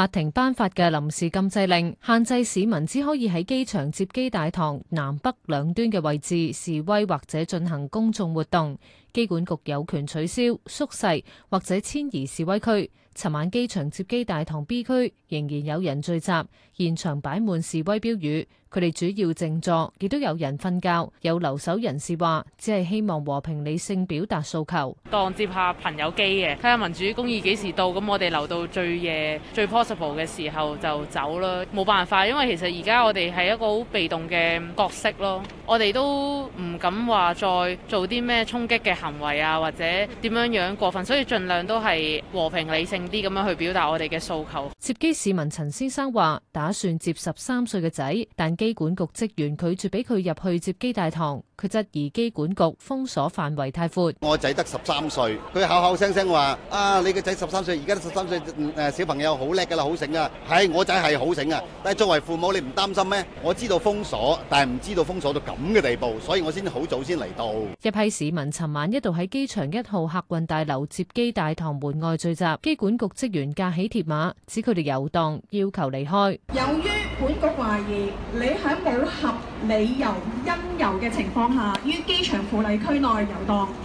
法庭頒發嘅臨時禁制令，限制市民只可以喺機場接機大堂南北兩端嘅位置示威或者進行公衆活動，機管局有權取消、縮細或者遷移示威區。尋晚機場接機大堂 B 區仍然有人聚集，現場擺滿示威標語。佢哋主要靜坐，亦都有人瞓覺。有留守人士話，只係希望和平理性表達訴求。當接下朋友機嘅，睇下民主公義幾時到，咁我哋留到最夜最 possible 嘅時候就走啦。冇辦法，因為其實而家我哋係一個好被動嘅角色咯。我哋都唔敢話再做啲咩衝擊嘅行為啊，或者點樣樣過分，所以盡量都係和平理性。啲咁樣去表達我哋嘅訴求。接機市民陳先生話：打算接十三歲嘅仔，但機管局職員拒絕俾佢入去接機大堂。佢質疑機管局封鎖範圍太闊。我仔得十三歲，佢口口聲聲話：啊，你個仔十三歲，而家十三歲誒小朋友好叻㗎喇，好醒啊！係我仔係好醒啊！但係作為父母，你唔擔心咩？我知道封鎖，但係唔知道封鎖到咁嘅地步，所以我先好早先嚟到。一批市民尋晚一度喺機場一號客運大樓接機大堂門外聚集，機管局職員架起鐵馬，指佢哋遊蕩，要求離開。由於本局懷疑你喺冇合。理由因由嘅情況下，於機場附例區內遊蕩。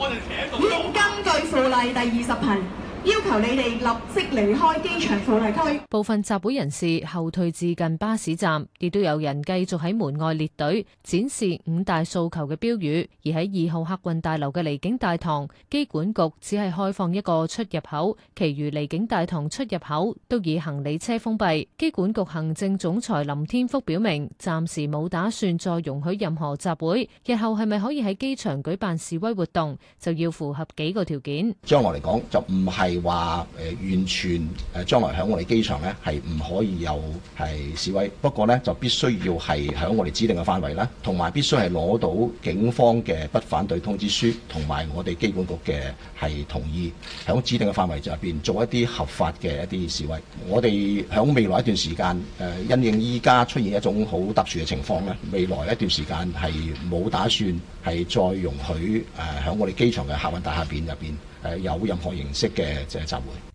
根據附例第二十條。要求你哋立即離開機場附近區部分集會人士後退至近巴士站，亦都有人繼續喺門外列隊，展示五大訴求嘅標語。而喺二號客運大樓嘅離境大堂，機管局只係開放一個出入口，其餘離境大堂出入口都以行李車封閉。機管局行政總裁林天福表明，暫時冇打算再容許任何集會。日後係咪可以喺機場舉辦示威活動，就要符合幾個條件。將來嚟講就唔係。話誒、呃、完全誒、呃，將來喺我哋機場咧係唔可以有係示威，不過呢就必須要係喺我哋指定嘅範圍啦，同埋必須係攞到警方嘅不反對通知書，同埋我哋機管局嘅係同意，喺指定嘅範圍入邊做一啲合法嘅一啲示威。我哋喺未來一段時間誒、呃，因應依家出現一種好特殊嘅情況咧，未來一段時間係冇打算係再容許誒喺、呃、我哋機場嘅客運大廈入邊。誒，有任何形式嘅即係集會。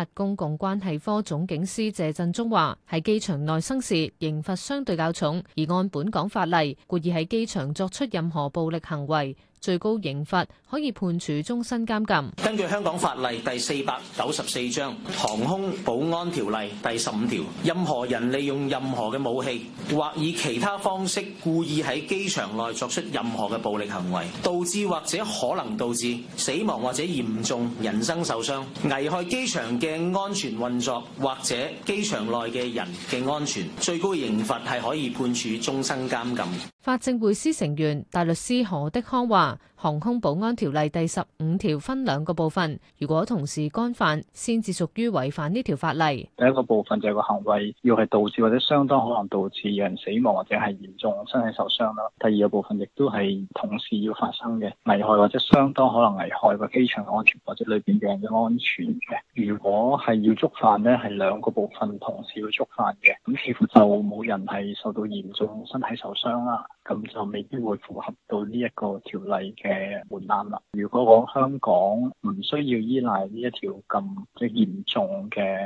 公共關係科總警司謝振中話，喺機場內生事，刑罰相對較重，而按本港法例，故意喺機場作出任何暴力行為。最高刑罰可以判處終身監禁。根據香港法例第四百九十四章《航空保安條例》第十五條，任何人利用任何嘅武器或以其他方式故意喺機場內作出任何嘅暴力行為，導致或者可能導致死亡或者嚴重人身受傷，危害機場嘅安全運作或者機場內嘅人嘅安全，最高刑罰係可以判處終身監禁。法政會司成員大律師何德康話，航空保安條例第十五條分兩個部分，如果同時干犯，先至屬於違反呢條法例。第一個部分就係個行為要係導致或者相當可能導致有人死亡或者係嚴重身體受傷啦。第二個部分亦都係同時要發生嘅危害或者相當可能危害個機場安全或者裏邊嘅人嘅安全嘅。如果係要觸犯呢，係兩個部分同時要觸犯嘅，咁似乎就冇人係受到嚴重身體受傷啦。咁就未必會符合到呢一個條例嘅門檻啦。如果我香港唔需要依賴呢一條咁即係嚴重嘅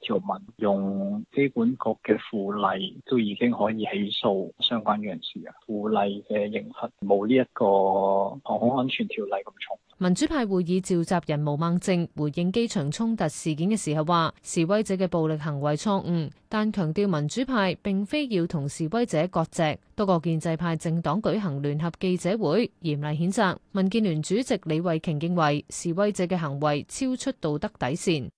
條文，用機管局嘅附例都已經可以起訴相關人士啊。附例嘅刑罰冇呢一個航空安全條例咁重。民主派會議召集人毛孟靜回應機場衝突事件嘅時候話：示威者嘅暴力行為錯誤，但強調民主派並非要同示威者割席。多個建制派政黨舉行聯合記者會，嚴厲譴責。民建聯主席李慧瓊認為示威者嘅行為超出道德底線。